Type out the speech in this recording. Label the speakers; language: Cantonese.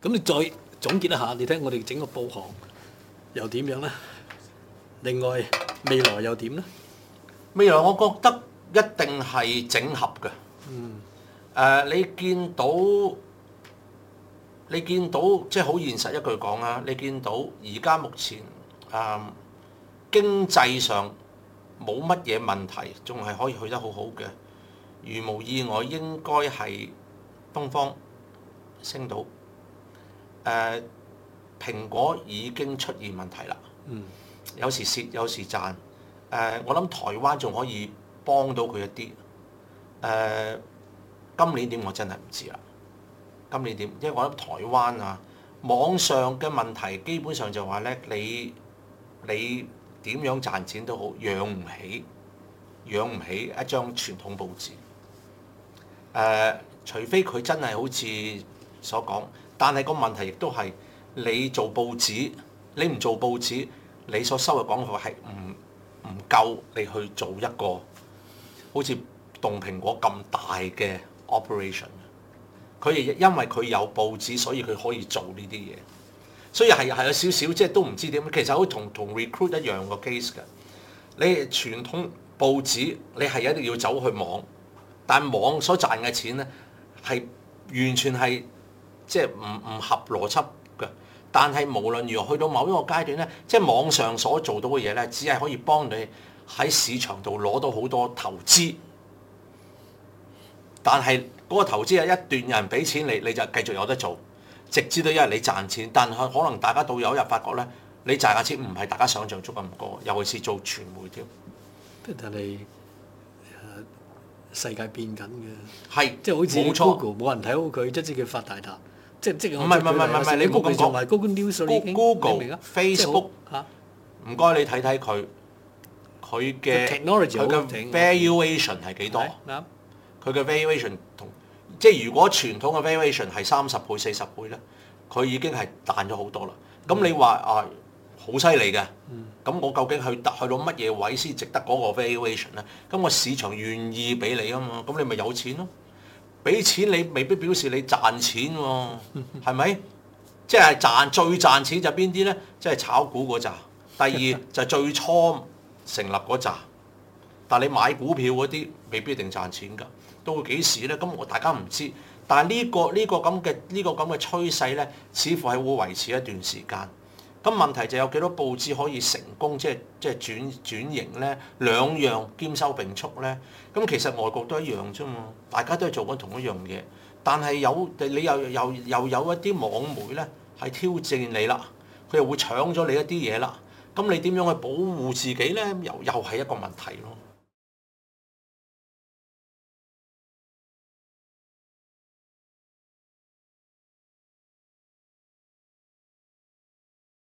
Speaker 1: 咁你再總結一下，你睇我哋整個報行又點樣呢？另外未來又點呢？未來我覺得一定係整合㗎。嗯。誒，你見到你見到即係好現實，一句講啊，你見到而家目前誒經濟上冇乜嘢問題，仲係可以去得好好嘅。如無意外，應該係東方升到。誒、uh, 蘋果已經出現問題啦，嗯、有時蝕有時賺，誒、uh, 我諗台灣仲可以幫到佢一啲，誒、uh, 今年點我真係唔知啦，今年點，因為我諗台灣啊，網上嘅問題基本上就話咧，你你點樣賺錢都好，養唔起，養唔起一張傳統報紙，誒、uh, 除非佢真係好似所講。但係個問題亦都係，你做報紙，你唔做報紙，你所收嘅廣告係唔唔夠你去做一個好似動蘋果咁大嘅 operation。佢因為佢有報紙，所以佢可以做呢啲嘢。所以係係有少少，即係都唔知點。其實好同同 recruit 一樣個 case 嘅，你傳統報紙，你係一定要走去網，但網所賺嘅錢咧係完全係。即係唔唔合邏輯嘅，但係無論如何去到某一個階段呢，即係網上所做到嘅嘢呢，只係可以幫你喺市場度攞到好多投資。但係嗰個投資係一段人俾錢你，你就繼續有得做，直至到因為你賺錢。但係可能大家到有一日發覺呢，你賺嘅錢唔係大家想象中咁高，尤其是做傳媒添。但係、啊、世界變緊嘅，係是即係好似 Google 冇錯人睇好佢，即使佢發大達。唔係唔係唔係唔係，你唔好咁講。Google、Facebook，唔該你睇睇佢佢嘅佢嘅 valuation 係幾多？佢嘅 valuation 同即係如果傳統嘅 valuation 係三十倍、四十倍咧，佢已經係彈咗好多啦。咁你話啊好犀利嘅，咁我究竟去去到乜嘢位先值得嗰個 valuation 咧？咁我市場願意俾你啊嘛，咁你咪有錢咯。俾錢你未必表示你賺錢喎，啊，係咪？ 即係賺最賺錢就邊啲呢？即、就、係、是、炒股嗰扎，第二就是、最初成立嗰扎。但係你買股票嗰啲未必一定賺錢㗎，到幾時呢？咁我大家唔知。但係呢、呢個呢、呢個咁嘅呢個咁嘅趨勢呢，似乎係會維持一段時間。咁問題就有幾多報紙可以成功，即係即係轉轉型咧？兩樣兼收並蓄咧？咁其實外國都一樣啫嘛，大家都係做緊同一樣嘢，但係有你又又又有一啲網媒咧，係挑戰你啦，佢又會搶咗你一啲嘢啦。咁你點樣去保護自己咧？又又係一個問題咯。